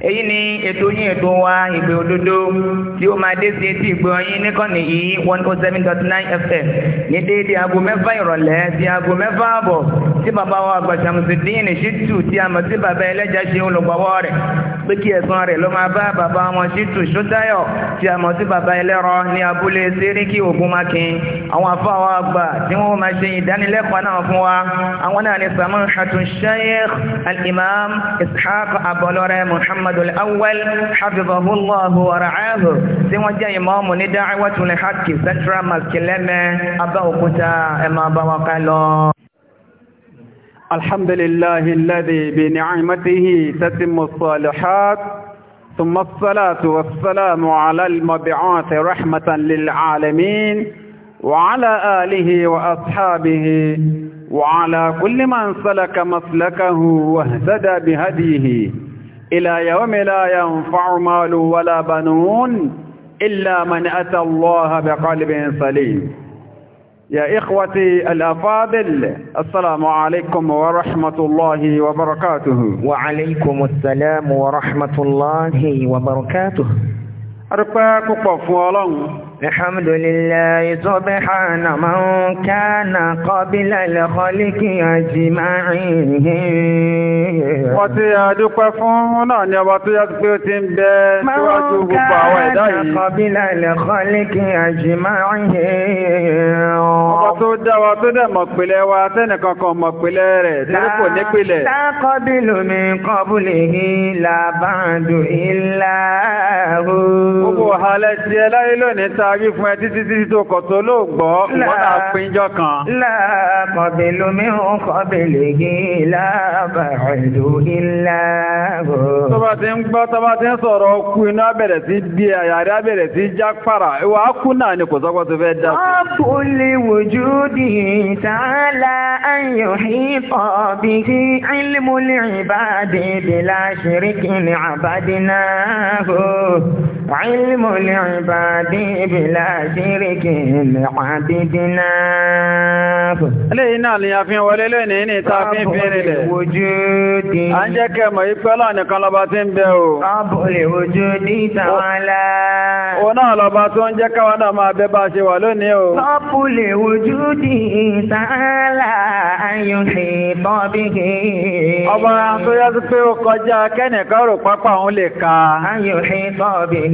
èyí ni ètò yín ètò wa ìgbé òdodo tí ó máa dé sí etí ìgbé ọyìn níkànnì yìí one oh seven dot nine fm ní déédéé aago mẹ́fà ìrọ̀lẹ́ sí aago mẹ́fà àbọ̀ tí bàbá wa Ṣàmùsídíìnì Ṣítù tí a mọ̀ sí bàbá ẹlẹ́jà ṣe olùgbọ́wọ́ rẹ̀ pé kí ẹ̀sán rẹ̀ ló máa bá bàbá wọn Ṣítù Ṣótáyọ̀ tí a mọ̀ sí bàbá ẹlẹ́rọ ní abúlé Séríkì Ògúnmákin àwọn afáwọn àgbà tí wọ́n máa ṣe ìdánilẹ́kọ̀ọ́ náà fún wa àwọn náà ni Samahatu Sheikh Al-Imam Ishaq Abọlọ́rẹ́ Muhammad محمد الأول حفظه الله ورعاه سوى wọ́n jẹ́ ندعوة لحق سترى ما كلمة mosque lẹ́mẹ́ إما ẹ máa الحمد لله الذي بنعمته تتم الصالحات ثم الصلاة والسلام على المبعوث رحمة للعالمين وعلى آله وأصحابه وعلى كل من سلك مسلكه واهتدى بهديه إلى يوم لا ينفع مال ولا بنون إلا من أتى الله بقلب سليم يا إخوتي الأفاضل السلام عليكم ورحمة الله وبركاته وعليكم السلام ورحمة الله وبركاته أرقاكم فوالاً الحمد لله سبحان من كان قبل الخلق أجمعين wọ́n tí a dúpẹ́ fún náà ni ọba tó yàtọ̀ pé ó ti ń bẹ síwájú gbogbo àwọn ẹ̀dá yìí. قبل الخلق أجمعين ọba tó dá wa tó dẹ̀ mọ̀ pìlẹ̀ wa tẹ́nìkan kan mọ̀ pìlẹ̀ rẹ̀ tí kò ní pìlẹ̀. لا قبل من قبله لا بعد إلا هو. gbogbo ọ̀hálẹ̀ tí ẹ láyé lónìí ta tàbí fún ẹ títí títí tó kọ̀ tó ló gbọ́ wọ́nà pínjọ kan. Láàkọ̀bẹ̀lú mìíràn kọ̀bẹ̀lẹ̀ gí láàbàrà ìlú ìlàgbò. Tó bá ti ń gbọ́, tó bá ti ń sọ̀rọ̀ kú iná bẹ̀rẹ̀ sí bí àyàrí bẹ̀rẹ̀ sí já pàrà, ìwà kú náà ni kò sọ́kọ́ tó fẹ́ dá. Ọ̀pùlẹ̀ wòjú di ìtàlá ayò hípọ̀ bí kí ilmúlẹ̀ ìbáde bẹ̀lá ṣeríkì ní àbádínà. علم العباد بلا شرك لعبدناه lẹ́yìn náà ni a fi wọlé lónìí ní ìta fi ń fèrè lẹ̀. a ń jẹ́ kẹmọ̀ ipẹ́ lọ nìkan lọba tí ń bẹ o. ọbọ̀lẹ̀ ojú ní ìtàwálá. o náà lọba tó ń jẹ́ káwọn náà máa bẹ bá ṣe wà lónìí o. ọbọ̀lẹ̀ ojú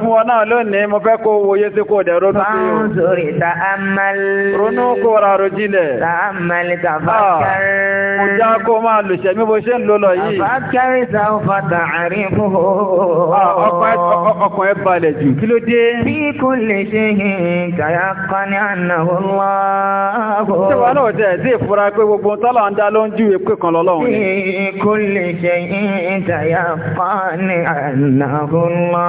fún wọn náà lónìí mo fẹ́ kó wòye sí kò dẹ̀ ronú sí o. wọ́n sori ta ronú kó ra rojílẹ̀. ta amali ah, mo já kó máa lùṣẹ́ mi bó ṣe ń lò lọ yìí. fakari ta fa fún o. ọkàn ẹ balẹ̀ jù kí ló dé. bí kò lè ṣe yín kàyà kan ní àná wá. ṣé wàá náà tẹ̀ sí ìfura pé gbogbo tọ́lá ń dá ló ń júwe pé kan lọ́lọ́run ni. bí kò lè ṣe yín kàyà kan ní àná wá.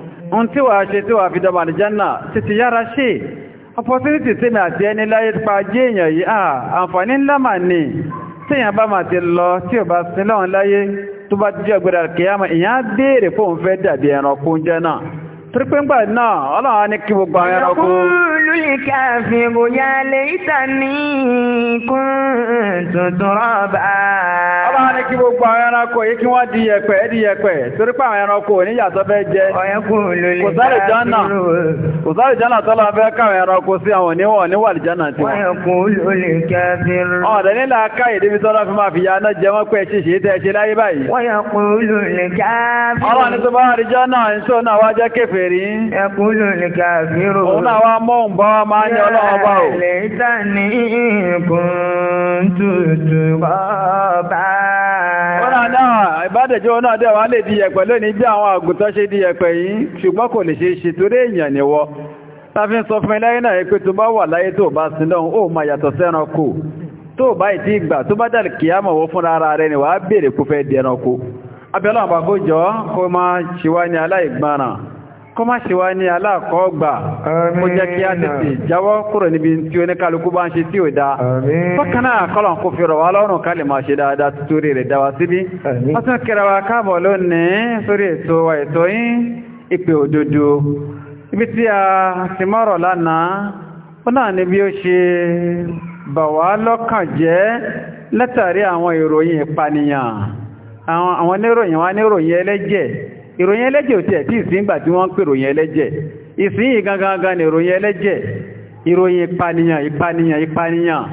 ohun tí wà ṣe tí wà fi dọba àlìjánà títí yára ṣe opportunity tí mi àti ẹni láyé pa jẹ́ èèyàn yìí àà àǹfààní ńlá mà ní tí èèyàn bá máa ti lọ tí ò bá sin lọ́wọ́n láyé tó bá jẹ́ ọgbẹ̀rẹ̀ kìyàmà torípéngbà náà ọlọ́run ní kí gbogbo àwọn ya ìyókùlù ìka ya lè ta ní kún tuntun rọ́bà. ọlọ́run ní kí gbogbo àwọn ọkụ yìí kí di yẹ̀pẹ̀ di yẹ̀pẹ̀ torípé àwọn ẹranko ò ya yàtọ̀ fẹ́ jẹ. ọ̀yẹ́kùlù ìka àfihàn. kò sáré jánà tọ́lá ka ya náà ṣe láyé báyìí. ní kèfèrí. Ẹkùlù ní kàfírò. Òun náà mọ́ ń bá wá máa ń ò. Ilẹ̀ ìta ní ìkùn tuntun Wọ́n náà náà ìbádẹ̀jọ́ náà dẹ̀ wá lè di lónìí bí àwọn ṣe di yìí ṣùgbọ́n kò lè ṣe ṣe torí èèyàn sọ fún náà pé tó bá wà láyé tó bá sin ó máa yàtọ̀ Tó bá ìgbà tó bá dàrí ara rẹ̀ ni wàá kó fẹ́ di ẹranko àbákójọ́ kó máa ṣíwá ní kó má ṣe wá ní aláàkọ́ọ̀gbà kó jẹ́ kí á tètè jáwọ́ kúrò níbi tí ó ní kálukú bá ń ṣe tí ò dáa fọ́kànáà kọ́lọ̀ kó fi rọ̀ wá lọ́rùn ká lè máa ṣe dáadáa torí rẹ̀ dáwà síbí wọ́n tún kẹra wa káàbọ̀ lónìí sórí ètò wa ètò yín ìpè òdodo ibi tí a ti mọ́rọ̀ lánàá ó náà ní bí ó ṣe bà wá lọ́kàn jẹ́ látàrí àwọn ìròyìn ìpànìyàn àwọn oníròyìn wa níròyìn ẹlẹ́jẹ̀ ìròyìn ẹlẹ́jẹ̀ ò tiẹ̀ tí ìsìn gbà tí wọ́n ń pè ìròyìn ẹlẹ́jẹ̀ ìsìn yìí gangan ni ìròyìn ẹlẹ́jẹ̀ ìròyìn ìpànìyàn ìpànìyàn ìpànìyàn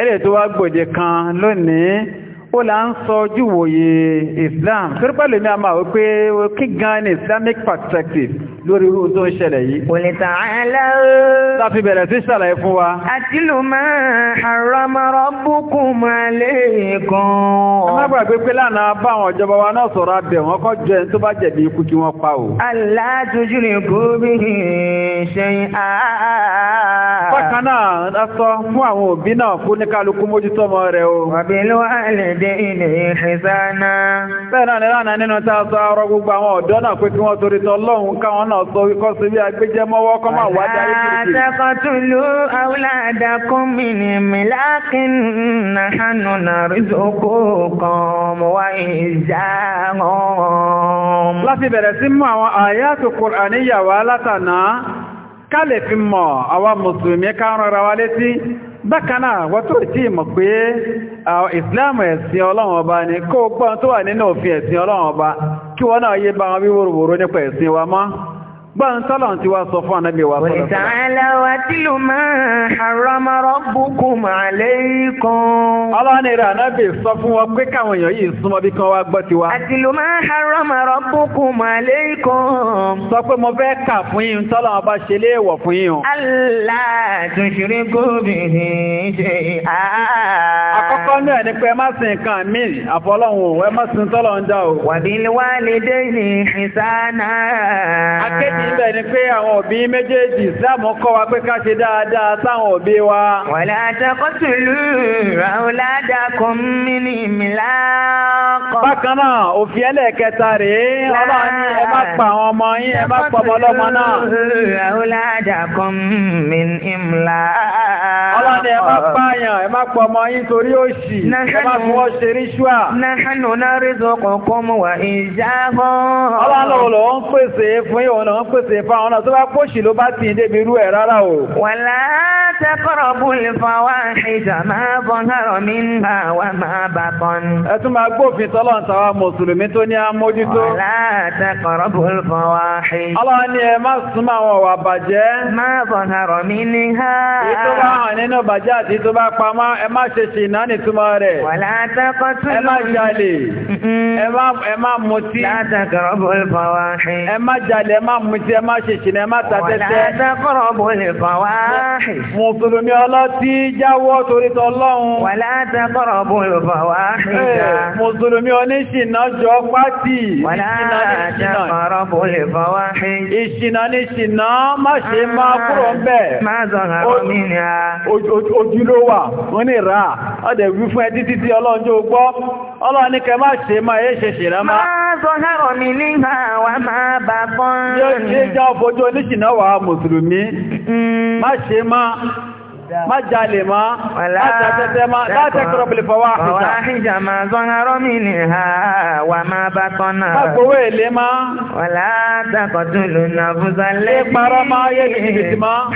ẹlẹ́ tó wá gbòde kan lónìí ó là ń sọ ojú wòye Islam torípàlómi àmà wípé kí gan ni Islamic perspective lórí irú tó ń ṣẹlẹ̀ yìí. Qul ta'alaw. Láfi bẹ̀rẹ̀ sí ṣàlàyé fún wa. Atlu ma harrama rabbukum alaykum. Ẹ má gbàgbé pé lánàá bá àwọn ìjọba wa náà sọ̀rọ̀ abẹ̀ wọn kọ́ jọ tó bá jẹ̀bi ikú kí wọ́n pa o. Alla tujriku bihi shay'a. Bákan náà, a sọ fún àwọn òbí náà fún ní kálukú mójútó ọmọ rẹ̀ o. Wa bil walidayni ihsana. Bẹ́ẹ̀ náà ni lánàá náà sọ wíkọ́ sí bí agbéjẹ́ mọ́wọ́ kọ́ máa wá darí kìrìkìrì. àtàkọ́tùlù àwùládàkùn mi ní míláàkín nàánú nàrísókò kan wá ìjà hàn. láti bẹ̀rẹ̀ sí mú àwọn àyàtò Kùránì wá látànà ká lè fi mọ̀ àwọn mùsùlùmí ká rọra wa létí bákanáà wọ́n tó tí mọ̀ pé ìsìláàmù ẹ̀sìn ọlọ́run ọba ni kó gbọ́n tó wà nínú òfin ẹ̀sìn ọlọ́run ọba kí wọ́n náà yé bá wọn bí wòròwòrò nípa ẹ̀sìn wa mọ́ gbọ́n tọ́lọ̀ ti wá sọ fún ànábì wa sọ́lọ̀ sọ́lọ̀. ta'ala watlu ma harrama rabbukum alaykum. ọlọ́ni rẹ̀ ànábì sọ fún wọn pé káwọn èèyàn yìí súnmọ́ bí kan wá gbọ́ ti wá. watlu ma harrama rabbukum alaykum. sọ pé mo fẹ́ kà fún yín tọ́lọ̀ ọba ṣe léèwọ̀ fún yín o. alla tushriku bihi shay'a. àkọ́kọ́ náà ni pé má sin nǹkan mí àfọlọ́hún ẹ má sin tọ́lọ̀ ń dá o. wa níbẹ̀ ni pé àwọn òbí méjèèjì ìsìláàmù kọ́ wa pé ká ṣe dáadáa sáwọn òbí wa. wàlá àtàkọ́tùlù àwòládàkùn mi ní ìmìlá kọ́. bákan náà òfin ẹlẹ́ẹ̀kẹta rèé ọlọ́run ní ẹ má pa àwọn ọmọ yín ẹ má pọ̀ ọmọ ọlọ́mọ náà. àwòládàkùn mi ní ọlọ́run ẹ má pààyàn ẹ má pọ̀ ọmọ yín torí òṣì ẹ má fọwọ́ ṣe ríṣùà. náà pèsè fáwọn náà tó bá pòṣì ló bá ti débi irú ẹ̀ rárá o. wàlá تقربوا الفواحش ما ظهر منها وما بطن ẹ tún máa gbófin tọ́lọ́n tàwa mùsùlùmí tó ní àmójútó. ولا تقربوا الفواحش. ọlọ́run ni ẹ má súnmọ́ àwọn ọ̀wà bàjẹ́. ما ظهر منها. ètò bá hàn nínú bàjẹ́ àti ètò bá pamọ́ ẹ má ṣe ṣìnà nìtumọ̀ rẹ̀. ولا تقتلوا. ẹ má jalè. ẹ má mutí. لا تقربوا الفواحش. ẹ má jalè ẹ má mutí ẹ má ṣe ṣìnà ẹ má ta tẹ́tẹ́. ولا تقربوا الفواحش mùsùlùmí ọlọ́tí jáwọ́ torí tọ́lọ́run wà látàkọ́rọ̀ bó ìbọ̀bà wá ṣíjà mùsùlùmí oníṣìnà jọ pátì wà látàkọ́rọ̀ bó ìbọ̀bà wá ṣíjà ìṣìnà níṣìnà má ṣe máa kúrò ń bẹ̀ má zọ̀rọ̀ gómìnà ojú ló wà wọ́n ní ìrà ọdẹ̀ wí fún má ṣe má má jalè mọ́ látẹ̀tẹ̀ mọ́ látẹ̀kọ̀rọ̀ pẹ̀lú fọwọ́ àfíjà. Fọwọ́ àfíjà máa zọ́narọ́ mi ní ha wà máa bá tọ́nà. Má gbowó èlé mọ́. Wàlá àtàkọ̀tún ló na fúnṣà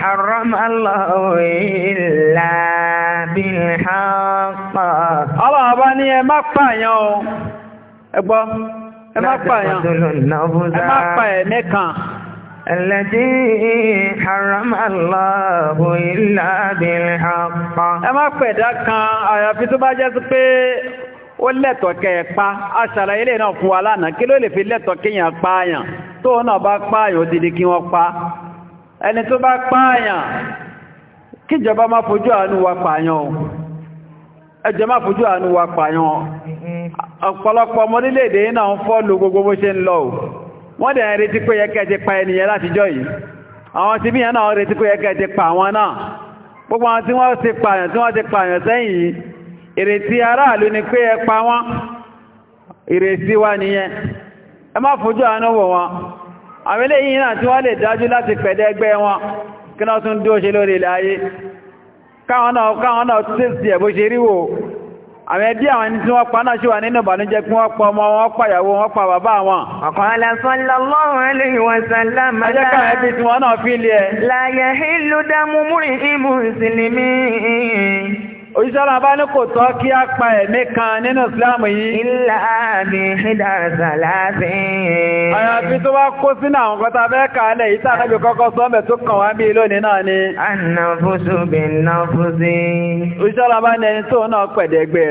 Haram Allahu illa bil haqq. Ọlọ́run bá ní ẹ o. Ẹ gbọ́, ẹ má pààyàn. Ẹ má pààyàn mẹ́kàn. التي حرم الله إلا بالحق ẹ má pẹ̀dá kan àyàfi tó bá jẹ́ sí pé ó lẹ́tọ̀ọ́ kẹ́ẹ̀pá aṣàlàyé lè náà fún wa lánàá kí ló lè fi lẹ́tọ̀ọ́ tó náà bá pààyàn kí wọ́n má fojú àánú wa pààyàn ẹjọ má fojú àánú wa pààyàn ọ̀pọ̀lọpọ̀ ọmọ orílẹ̀-èdè náà ń gbogbo bó ṣe ń wọ́n dẹ̀ retí pé yẹ kẹ́ ti pa ẹniyàn látijọ́ yìí àwọn tí bíyàn náà retí pé yẹ kẹ́ ti pa àwọn náà gbogbo àwọn tí wọ́n ti pààyàn tí wọ́n ti sẹ́yìn yìí ìrètí aráàlú ni pé yẹ pa wọ́n ìrètí wa nìyẹn ẹ má fojú àánú wò wọn àwọn tí wọ́n àwọn ẹbí àwọn ẹni tí wọ́n pa náà ṣe wà nínú ìbànújẹ́ pín wọ́n pa ọmọ wọn pa ìyàwó wọn pa bàbá wọn. ọ̀kọ̀ọ̀lá alaihi wa sallam. ẹjẹ́ káwọn ẹbí tí la yahillu damu òjíṣọ́lá bá ní kò tọ́ kí a pa ẹ̀mí kan nínú ìsìláàmù yìí ilẹ̀ àbí ìdàrẹ̀sà láti àyàfi tó wá kó sínú àwọn kọta fẹ́ kààlẹ̀ yìí tàbí kọ́kọ́ sọ́mẹ̀ tó kàn wá bí lónìí náà ni annafusu bin tó náà pẹ̀dẹ̀ ẹgbẹ́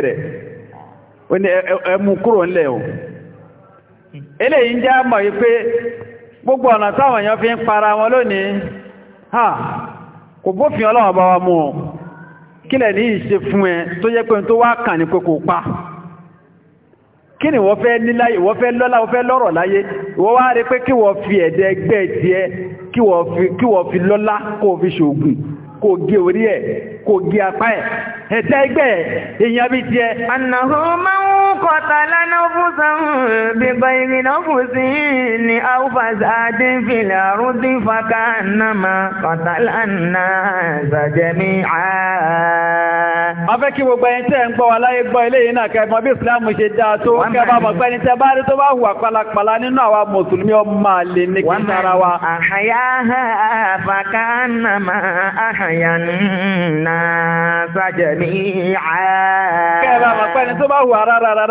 rẹ̀ o bá kílẹ̀ ní ìṣe fún ẹ tó yẹ pé tó wá kàn ní kòkò pa kí ni wọ́n fẹ́ ní láyé wọ́n fẹ́ lọ́lá wọ́n fẹ́ lọ́rọ̀ láyé wọ́n wá rí pé kí wọ́n fi ẹ̀dẹ́ ẹgbẹ́ tiẹ̀ kí wọ́n fi lọ́lá kó fi ṣògùn kó gé orí ẹ̀ kó gé apá ẹ̀ ẹ̀dẹ́ ẹgbẹ́ èèyàn bí tiẹ̀. ànàhùn máa قتل نفسا بغير نفس أو فساد في الأرض فكأنما قتل الناس جميعا a fẹ́ kí gbogbo ẹni tẹ́ ń gbọ́ wa láyé gbọ́ ilé yìí náà kẹfọ́ bí islam ṣe dá tó kẹfà mọ̀ pẹ́ni tẹ́ bá rí tó bá hùwà pálapàla nínú àwa mùsùlùmí ọmọ lè ní kí sára wa. àhàyà fàkànnàmà àhàyà nà sàjẹ̀ ní àá. kẹfà mọ̀ pẹ́ni tó bá hùwà rárá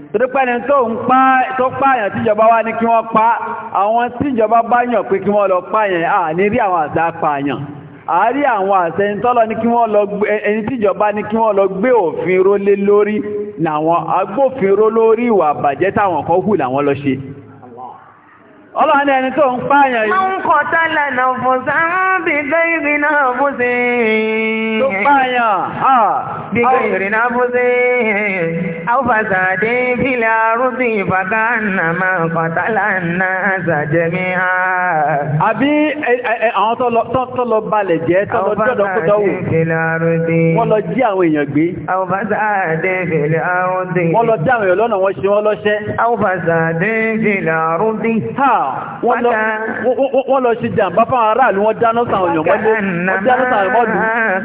torípẹ́ni tó ń pán tó pààyàn tí ìjọba wá ní kí pa àwọn tí ìjọba bá yàn pé kí wọ́n lọ pààyàn à ní rí àwọn àṣà pààyàn àárí àwọn àṣẹ ìtọ́lọ ní kí wọ́n lọ ẹni tí ìjọba ní kí wọ́n lọ gbé òfin ró lórí làwọn agbófinró lórí ìwà àbàjẹ́ táwọn kan hù làwọn Ọlọ́run ẹni tó ń pààyàn yìí. Wọ́n ń kọ̀ tẹ́lẹ̀ náà fún sáàbì gẹ́gẹ́ náà fún sí. Tó pààyàn. Bí gẹ́gẹ́ náà fún sí. Àwùfàṣà dé fílẹ̀ arúgbì ìfàkà náà máa ń kọ̀ tẹ́lẹ̀ náà sàjẹmí ha. Àbí àwọn tó lọ balẹ̀ jẹ́ tó lọ jọ́dọ̀ kó tọ́wò. Wọ́n Ha! wọ́n lọ ṣe jàǹbá fáwọn aráàlú wọ́n dáná sàwọn èèyàn mọ́lé wọ́n dáná sàwọn èèyàn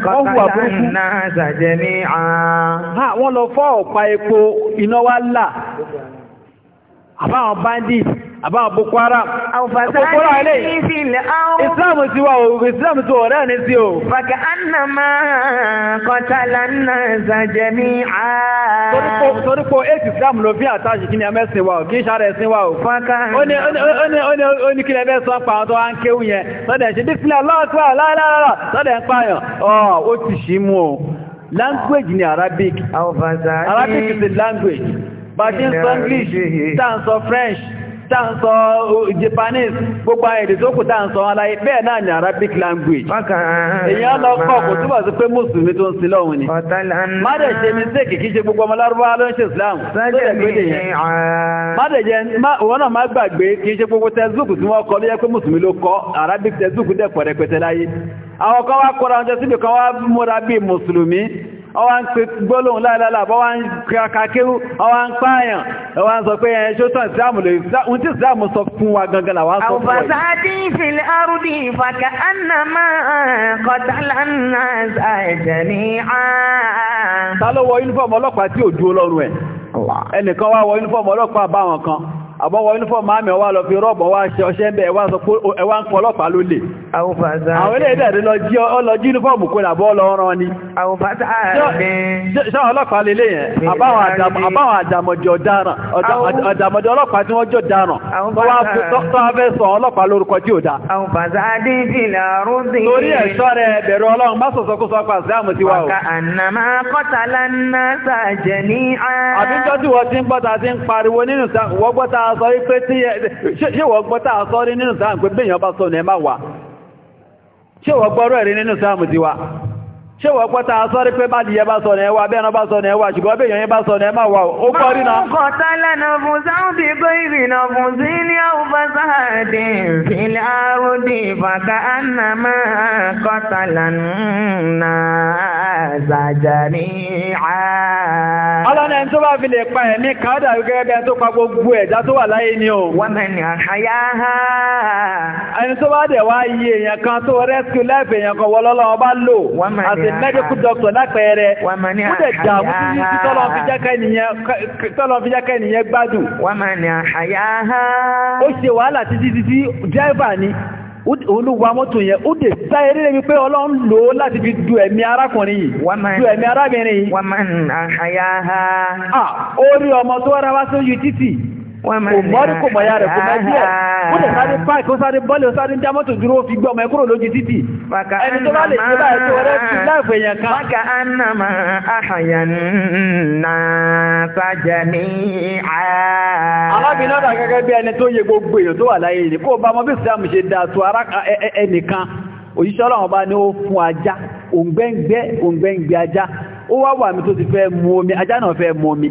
mọ́lú wọ́n hùwà burúkú. wọ́n lọ fọ́ ọ̀pá epo iná wá là àbáwọn bandit àbáwọn boko haram òkúrò ilé islam ti wà òwúrò islam ti ọ̀rẹ́ ní sí o fàkà annà kọtàlá náà zàjẹ́ ní àà torípò islam ló fi àtàṣì kí ni ẹmẹ́sìn wà kí ṣàrẹ̀ sí wà ó ní kí o language ni arabic arabic is a bá ti ń sọ English tá ń sọ French tá ń sọ uh, Japanese gbogbo èdè tó kù tá ń sọ aláyé bẹ́ẹ̀ náà ni Arabic language èyàn lọ kọ́ kò túbọ̀ sí pé mùsùlùmí tó ń sin lọ́hun ni má dẹ̀ ṣe mi sí kìkí ṣe gbogbo ọmọ lárúbá ló ń ṣe Islam tó dẹ̀ gbé nìyẹn má dẹ̀ jẹ́ òun náà má Arabic textbook dẹ̀ àwọn kan wá kọ́ra ọjọ́ síbi kan wá múra bíi mùsùlùmí ọwá ń pè gbólóhùn láìláìlá bọ́ wá ń kàkéwú ọwá ń pààyàn ọwá ń sọ pé ẹ̀ ṣótàn ìsìlámù lè ń tí ìsìlámù sọ fún wa gangan àwọn sọ fún ọ̀yí. tí ò dúró lọ́rùn ẹ̀ ẹnìkan wá wọ àbọ́wọ́ uniform àmì ọwá lọ fi rọ́bọ̀ wá ṣe ọṣẹ́ ẹ̀bẹ̀ ẹwà sọ pé ẹwà ń pọ̀ ọlọ́pàá ló lè àwọn ilé ìdẹ̀rẹ̀ lọ jí ọlọ́jí uniform kó làbọ́ ọlọ́rán ni ṣáwọn ọlọ́pàá lè lè yẹn àbáwọn àdàmọ̀jọ ọ̀daràn àdàmọ̀jọ ọlọ́pàá tí wọ́n jọ daràn tó wá fẹ́ sọ ọlọ́pàá lórúkọ tí ò dá torí ẹ̀ṣọ́ rẹ̀ bẹ̀rù ọlọ́run bá sọ̀sọ́ kó sọ pa ìsìlámù ti wá o àbíjọ́ tí wọ́n ti ń gbọ́ta ti ń táa sọ wípé tí ṣíwọ̀ gbọ́ táa sọ rí nínú sáàmù pé bí èèyàn bá sọ ní ẹ má wà ṣíwọ̀ gbọ́rọ̀ rí nínú sáàmù ti wà ṣe wọ́n pọ́ta sọ́rí pé bá nìyẹ bá sọ ní ẹwà bẹ́ẹ̀nà bá sọ ní ẹwà ṣùgbọ́n bẹ́ẹ̀ yẹn bá sọ ní ẹmà wà ó kọ́ rí náà. ọkọ̀ tálẹ̀ náà fún sáúdì kó ìrìnà fún sí ní àwùfẹ́ sáàdì ìfìlẹ̀ àròdì ìfàkà ànàmà kọ́tàlà nà zàjàrí tó bá fi lè pa ẹ̀mí káàdà tó pa gbogbo ẹ̀dá tó wà láyé ni ṣe medical doctor lápẹẹrẹ ó dẹ̀ sí yíṣí tọ́lọ́ fi jákẹ́ nìyẹn gbádùn ó ṣe wàhálà títí títí driver ni olúwa mọ́tò yẹn ó dè sá eré rẹ̀ wípé ọlọ́run lò ó láti fi du ẹ̀mí arákùnrin yìí kò mọ́rí kò mọ̀ ya rẹ̀ kò mẹ́jì ẹ̀ ó lè sáré páàkì ó sáré bọ́ọ̀lì ó sáré ń já dúró fi gbọ́ ọmọ ẹkúrò lójú títì ẹni tó bá lè ṣe báyìí tó rẹ́ fi láìpẹ́ èèyàn kan. wákà á nà nà sájà ní à. alábìnrin náà gẹ́gẹ́ bí ẹni tó yẹ gbogbo èèyàn tó wà láyé yìí kó o bá mọ bí Islam ṣe dáa tó ara ẹnìkan òjíṣẹ́ ọlọ́run bá ní ó fún ajá òǹgbẹ́ǹgbẹ́ òǹgbẹ́ǹgbẹ́ ajá ó wá wà mí tó ti fẹ́ mu omi ajá náà fẹ́ mu omi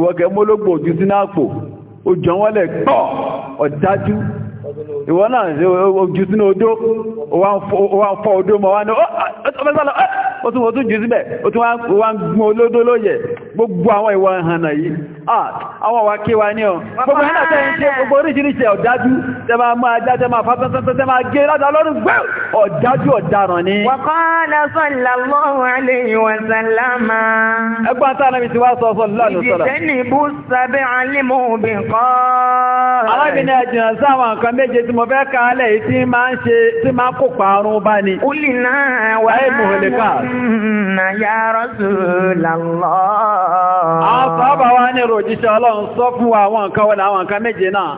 ìwọ̀kẹ̀ mọ́lógbò ojú sínú àpò ó jọ wọ́lẹ̀ pọ̀ ọ̀dájú ìwọ náà ṣe ojú sínú odó wà ń fọ́ odó mọ́ wá ní ọ́tọ́mẹ́sàlọ́ ó tún wọ́n tún jù ó tún wá ń gún olódó lóyẹ̀ gbogbo àwọn ìwọ ìhànà yìí àwọn wà kí wa ní ọ gbogbo ẹ̀nà tẹ́ ń ṣe gbogbo oríṣiríṣi ọ̀dájú tẹ́ máa máa já tẹ́ máa fásán tẹ́ máa gé látà lọ́rùn gbẹ́ ọ̀dájú ọ̀daràn ni wàkọ́ọ̀lá sọ́lọ́wọ́ tí mo fẹ́ kàálẹ̀ yìí tí máa ń ṣe tí máa kò pààrùn bá ní. Kúlì náà wà náà yá Rasulullah. A sọ́ọ̀bà wá ní ròjíṣẹ́ ọlọ́run sọ fún wa àwọn nǹkan wọn àwọn nǹkan méje náà.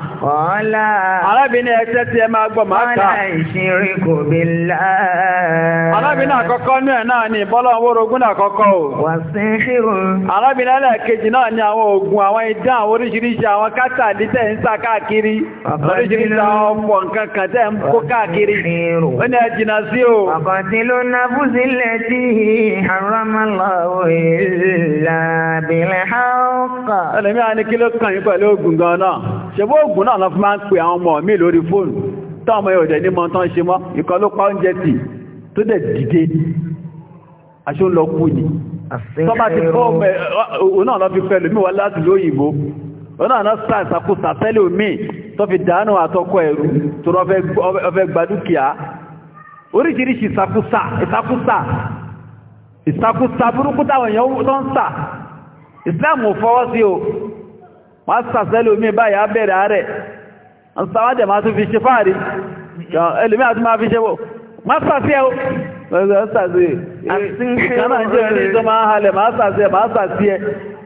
Arábìnrin ẹ̀ṣẹ́ ẹ máa gbọ́ máa àkọ́kọ́ mọ̀ nǹkan kan tẹ́ ń kó káàkiri ó ní ẹjìnà sí o. àbàtí ló ná fúsílẹ̀ tí haramallahu illa bil haqq. ẹlẹ́mi àwọn ní kí ló kàn yín pẹ̀lú oògùn gan náà ṣe oògùn náà lọ fi máa ń pe àwọn ọmọ mi lórí fóònù táwọn ọmọ yóò dẹ̀ ní mọ tán ṣe mọ́ ìkọ́ ló pa oúnjẹ tì tó dẹ̀ dìde aṣọ ń lọ kú ni. tọ́ ti fọ́ ọmọ ẹ̀ òun náà lọ fi fẹ́ lómi wá láti lóyìnbó ọ̀nà náà sá ìsàkóso àtẹ́lẹ̀ omi tó fi dànù àtọkọ ẹ̀rú tó rọ ọfẹ́ gbadúkìá oríṣiríṣi ìsàkóso ìsàkóso ìsàkóso burúkú táwọn èèyàn tó ń sà Islam ò fọwọ́ sí o wọ́n sàtẹ́lẹ̀ omi báyìí á bẹ̀rẹ̀ àárẹ̀ ń sáwádẹ̀ máa tún fi ṣe fáàrí ẹlòmí àti máa fi ṣe wò máa sàtẹ́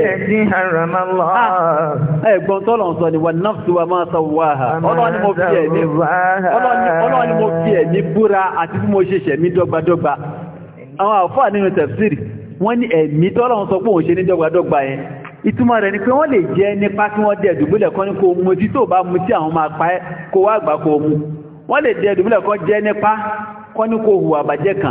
ẹ̀dí haramallah. ẹ̀gbọ́n sọ ni wọn náà fi wa máa sọ wá ha ọlọ́ni mo fi ẹ̀mí mo ẹ̀mí búra àti bí mo ṣe ṣẹ̀mí dọ́gbadọ́gba àwọn àfáà nínú tẹ̀fsìrì wọ́n ní ẹ̀mí tọ́lọ̀ sọ pé òun ṣe ní dọ́gbadọ́gba yẹn ìtumọ̀ rẹ̀ ni pé wọ́n lè jẹ́ nípa kí wọ́n mu tí tó bá pa wọ́n lè nípa ní kò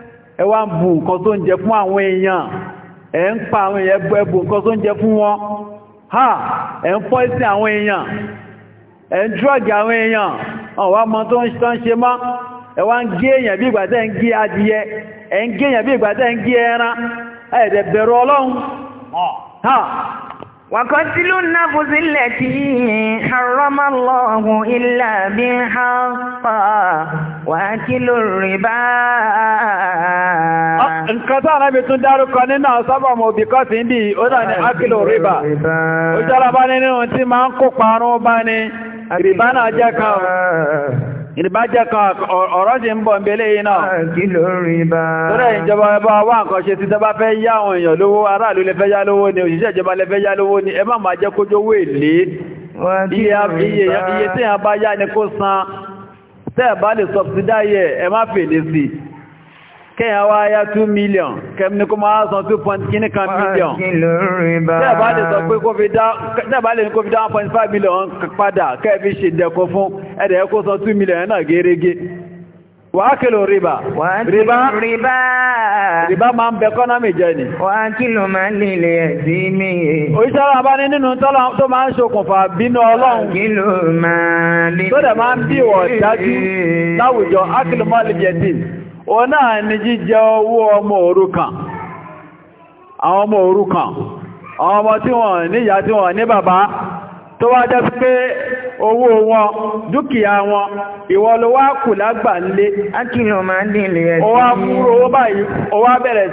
ẹ wá ń bu nǹkan tó ń jẹ fún àwọn èèyàn ẹ ń pa àwọn èèyàn ẹgbẹ́ bu nǹkan tó ń jẹ fún wọn ha ẹ ń fọ́ sí àwọn èèyàn ẹ ń dúrọ̀gì àwọn èèyàn ọ̀wá mọ tó ń ṣe mọ́ ẹ wá ń gé èèyàn bí ìgbà tẹ́ ń gé adìyẹ ẹ ń gé èèyàn bí ìgbà tẹ́ ń gé ẹran ẹ̀ẹ́dẹ̀ bẹ̀rù ọlọ́run ha وقتلوا النفس التي حرم الله إلا بالحق وأكلوا الربا ah, nǹkan tó ànábì tún dárúkọ nínú ọ̀sọ́bọ̀mù òbíkọ́ ti ń bí ó náà ni ákìlò rìbá ó jọ́rọ̀ bá nínú tí máa ń kó parun bá ní rìbá náà jẹ́ kan ìdìbájẹ́ kan ọ̀rọ̀ sí ń bọ̀ ń belé iná kí ló rí bá tọ́rẹ ìjọba ẹbá wà nǹkan ṣe ti tẹ́bá fẹ́ yá àwọn èèyàn lówó aráàlú lẹ́fẹ́ yá lówó ni òṣìṣẹ́ ìjọba lẹ́fẹ́ yá lówó ni ẹ máa jẹ́ kójó wè lé kẹ́yàn wá yá 2 million kẹ́mìnì kó máa san 2.9 million tẹ́bà ní kó fi dá 1.5 million padà kẹ́ẹ̀fí ṣe dẹ̀kọ fún ẹ̀dẹ̀ kó san 2 million náà gẹ́rẹ́gẹ́ wà kílò ríbà ríbà ma ń bẹ̀kọ́ náà mìjẹ́ ni wà kílò máa lè lè ẹ̀dí mi òṣìṣẹ́lá bá ní nínú tó máa ń ṣokùnfà bínú ọlọ́run máa o náà ni jíjẹ owó ọmọ kan, àwọn ọmọ kan, àwọn ọmọ tí wọ́n níyà tí wọ́n ní bàbá tó wá jẹ́ pé owó wọn dúkìá wọn ìwọ ló wá kù lágbà ní owó owó bẹ̀rẹ̀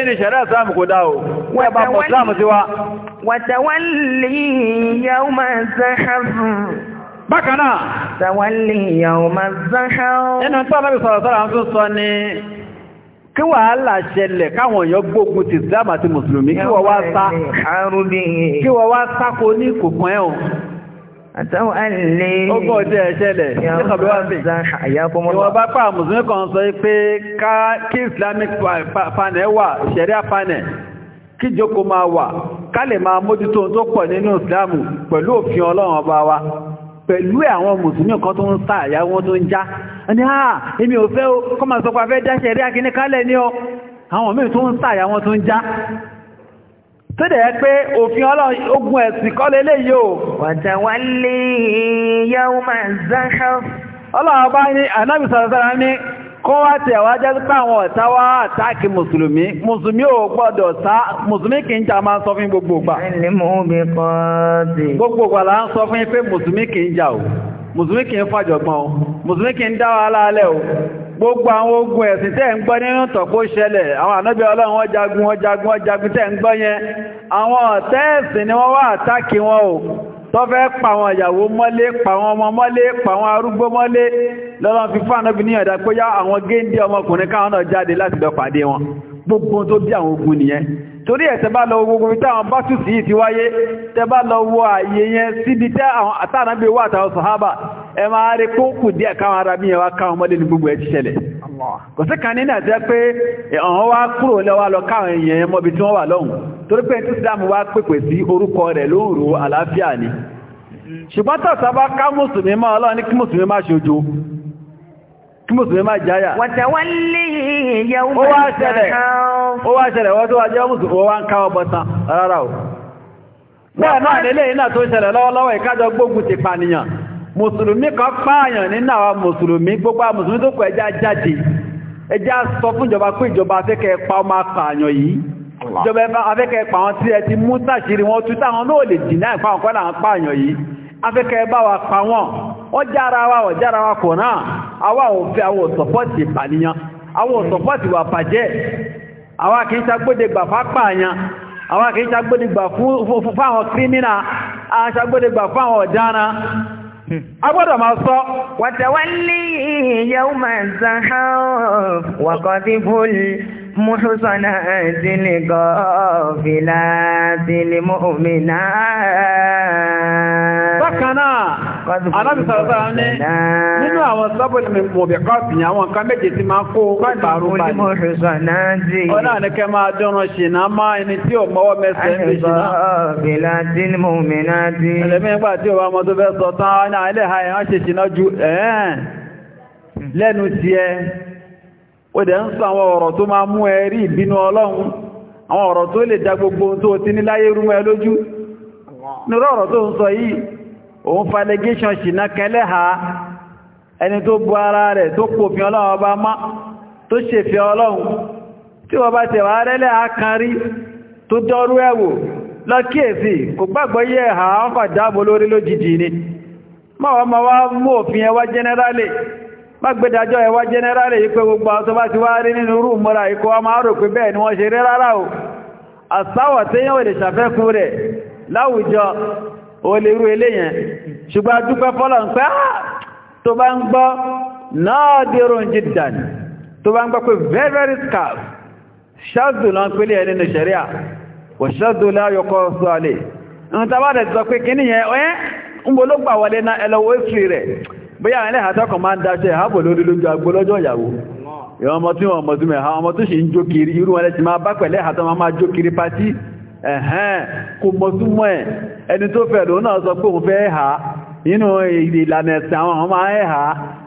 ìṣẹ̀rẹ́ ìsáàmù kò o wọ́n ẹ̀bá pọ̀ sí wa máa bákanáà tẹ̀wọ́lì ìyàwó máa záhá ẹnu tó alábi sọ̀rọ̀sọ́rọ̀ àwọn tó sọ ní kí wàhálà ṣẹlẹ̀ káwọn èèyàn gbógun ti Islam àti mùsùlùmí kí wọ́n wá sá kí wọ́n wá sákò ní kòkan ẹ̀hùn àtàwọn àlè ọgbọ́ ọjọ́ ẹ̀ṣẹ́lẹ̀ ìwọ̀n bá pàà mùsùlùmí kan sọ pé kí Islamic panel wà ṣẹ̀ríà panel kí jókòó máa wà ká lè máa mójútó tó pọ̀ nínú Islam pẹ̀lú òfin Ọlọ́run ọba wa pẹ̀lú àwọn mùsùlùmí kan tó ń sá àyà wọn tó ń já ẹni àà èmi ò fẹ́ kọ́ ma sọpá fẹ́ rí akíní kálẹ̀ ní ọ àwọn mìí tó ń sá àyà wọn tó ń já tó dẹ̀ yẹ pé òfin ogun ẹ̀sìn kọ́ yóò kọ́ wá tẹ̀ wá jẹ́ pé àwọn ọ̀tá wá àtàkì mùsùlùmí mùsùlùmí ò gbọ́dọ̀ sá mùsùlùmí kì jà máa sọ fún gbogbo gbà gbogbo gbà là ń sọ fún pé mùsùlùmí kì jà o mùsùlùmí fàjọ̀gbọ́n o mùsùlùmí dá o gbogbo àwọn ogun ẹ̀sìn tẹ́ ń gbọ́ nínú tọ̀pọ̀ ṣẹlẹ̀ àwọn jagun wọ́n jagun wọ́n jagun tẹ́ ń gbọ́ yẹn àwọn ni wọ́n wá àtàkì wọn o lọ́lọ́ fi fún ànábì ní ẹ̀dá pé yá àwọn géńdé ọmọkùnrin káwọn náà jáde láti lọ pàdé wọn gbogbo tó bí àwọn ogun nìyẹn torí ẹ̀ tẹ́ bá lọ gbogbo tí àwọn bátùsì yìí ti wáyé tẹ́ bá lọ wọ àyè yẹn síbi tẹ́ àwọn àtànábì wà àtàwọn sàhábà ẹ máa rí kó kù díẹ̀ káwọn ará bíyẹn wá káwọn mọ́lé ní gbogbo ẹ̀ ti ṣẹlẹ̀ kò sí kan nínú àti pé àwọn wá kúrò lẹ́wà lọ káwọn èèyàn mọ́bi tí wọ́n wà lọ́hùn torí pé tí Islam wá pèpè sí orúkọ rẹ̀ lóòrò àlàáfíà ni ṣùgbọ́n tọ̀sán bá ká mùsùlùmí máa ọlọ́run kí mùsùlùmí máa jáyà. wàtàwálì yàwó bá ṣẹlẹ̀ ó wá ṣẹlẹ̀ wọ́n tó wá jẹ́ mùsùlùmí wá ń káwọ́ bọ́tán rárá o. bẹ́ẹ̀ náà nílé iná tó ṣẹlẹ̀ lọ́wọ́lọ́wọ́ ìkájọ gbógun ti mùsùlùmí kan pààyàn mùsùlùmí gbogbo mùsùlùmí tó kọ jáde pa ó jára wa jára kò náà àwa ò fẹ́ àwọn òsọ̀pọ̀tì ìpànìyàn àwọn òsọ̀pọ̀tì wà bàjẹ́ àwa kìí ṣagbódegbà fápàáyàn àwa kìí ṣagbódegbà fáwọn a ṣagbódegbà fáwọn ọ̀daràn agbọ́dọ̀ ma sọ wàtẹ̀wálì محصنات الغافلات المؤمنات بكنا alábìsọ̀rọ̀sọ̀rọ̀ ní nínú àwọn sọ́bọ̀lì mọ̀bẹ̀kọ́pì àwọn nǹkan méje tí máa kó ìbàrú báyìí ọ̀nà àníkẹ́ máa dọ́rùn ṣìnà máa ẹni tí ò mọ́wọ́ mẹ́sẹ̀ ń bí ṣìnà ẹlẹ́mìígbà tí ó wá mọ́ tó fẹ́ sọ tán náà ilẹ̀ ó dẹ̀ ń sọ àwọn ọ̀rọ̀ tó máa mú ẹ ìbínú ọlọ́run àwọn ọ̀rọ̀ tó lè gbogbo tó ti ní láyé rú ẹ lójú nírọ̀ ọ̀rọ̀ tó ń sọ yìí òun fa legation ṣìná kẹlẹ́ha ẹni tó bu ara rẹ̀ tó pòfin ọlọ́run ọba má tó má gbẹ́dájọ́ ẹwà jẹ́nẹ́rálì yìí pé gbogbo àwọn tó bá ti wá rí nínú rú mọ́ra ikọ́ a máa rò pé bẹ́ẹ̀ ni wọ́n ṣe rí rárá o àsáwọ̀ tí yíò lè ṣàfẹ́kún rẹ̀ láwùjọ olèrú eléyẹn ṣùgbọ́n dúpẹ́ fọ́lọ̀ ń pẹ́ ah, tó bá ń bóyá àwọn ẹlẹ́hàá tọ́kàn máa ń dáṣẹ́ ààbò lórí lójú agbólọ́jọ́ ìyàwó ìwọ̀n ọmọ tí wọ́n mọ̀tí ha ọmọ tó ṣe ń jó kiri irú wọn lẹ́ti máa bá pẹ̀lẹ́ àtọ́ máa jó kiri pátí ẹ̀hẹ́n kò mọ̀ ẹ̀ ẹni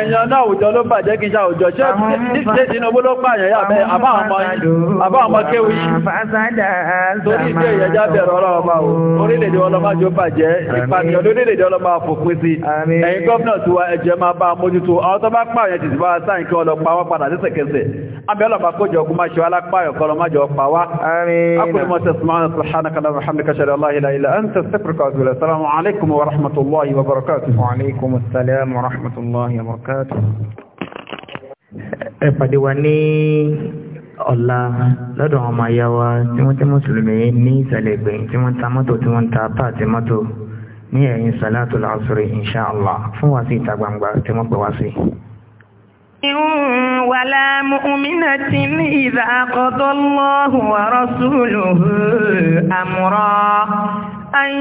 èèyàn àwùjọ ló bàjẹ́ kí n ṣàwùjọ ṣe ṣe Tinubu ló pààyàn yà bẹ́ àbáwọn kéwì torí ìdí èèyàn já bẹ̀rẹ̀ ọlọ́run ọba orílẹ̀-èdè ọlọ́mà jọ bàjẹ́ ìpànìyàn èdè ọlọ́mà fòpin sí ẹ̀yin gómìnà tí ẹ̀jẹ̀ máa bá mójútó àwọn tó bá pààyàn ti bá sáyìn وبركاته ẹ pàdé wa ní ọ̀la lọ́dọ̀ àwọn ọmọ àyà wa tí wọ́n jẹ́ mùsùlùmí ní ìsàlẹ̀ ìgbẹ̀yìn tí wọ́n ta mọ́tò tí wọ́n ta páàtì mọ́tò ní ẹ̀yìn sàlátù lásìrì inṣáàlá fún wa sí ìta gbangba tí wọ́n pè wá sí. ولا مؤمنة إذا قضى الله ورسوله أمرا أن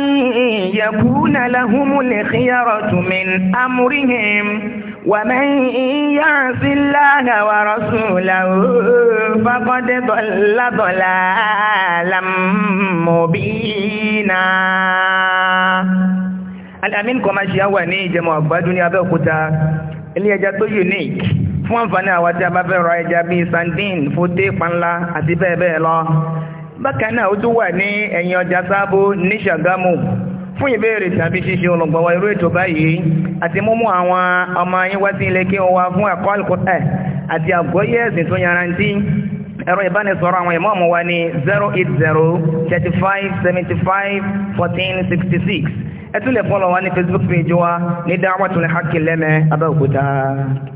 يكون لهم الخيرة من أمرهم ومن يعص الله ورسوله فقد ضل ضلالا مبينا Al-Amin commercial wà ní ìjẹmọ̀ àgbájú ní Abẹ́òkúta ilé ẹja tó unique fún àǹfààní àwọn tí a bá fẹ́ ra ẹja bíi sandine fóté panla àti bẹ́ẹ̀ bẹ́ẹ̀ lọ bákan náà ó tún wà ní ẹ̀yìn ọjà sábó ní Ṣàgámù fún ìbéèrè tàbí ṣíṣe olùgbọ̀wọ́ irú ètò báyìí àti múmú àwọn ọmọ yín wá sí ilé kí wọ́n wá fún ẹ̀kọ́ àlùkùtẹ̀ àti àgbọ́yé ẹ̀sìn tó yarantí ẹ̀rọ ìbánisọ̀rọ̀ àwọn ìmọ̀ọ̀mù wa ní 08035751466 ẹ tún lè fọ́lọ̀ wa ní Facebook page wa ní Da'watul Haqqi lẹ́mẹ̀ẹ́ Abẹ́òkúta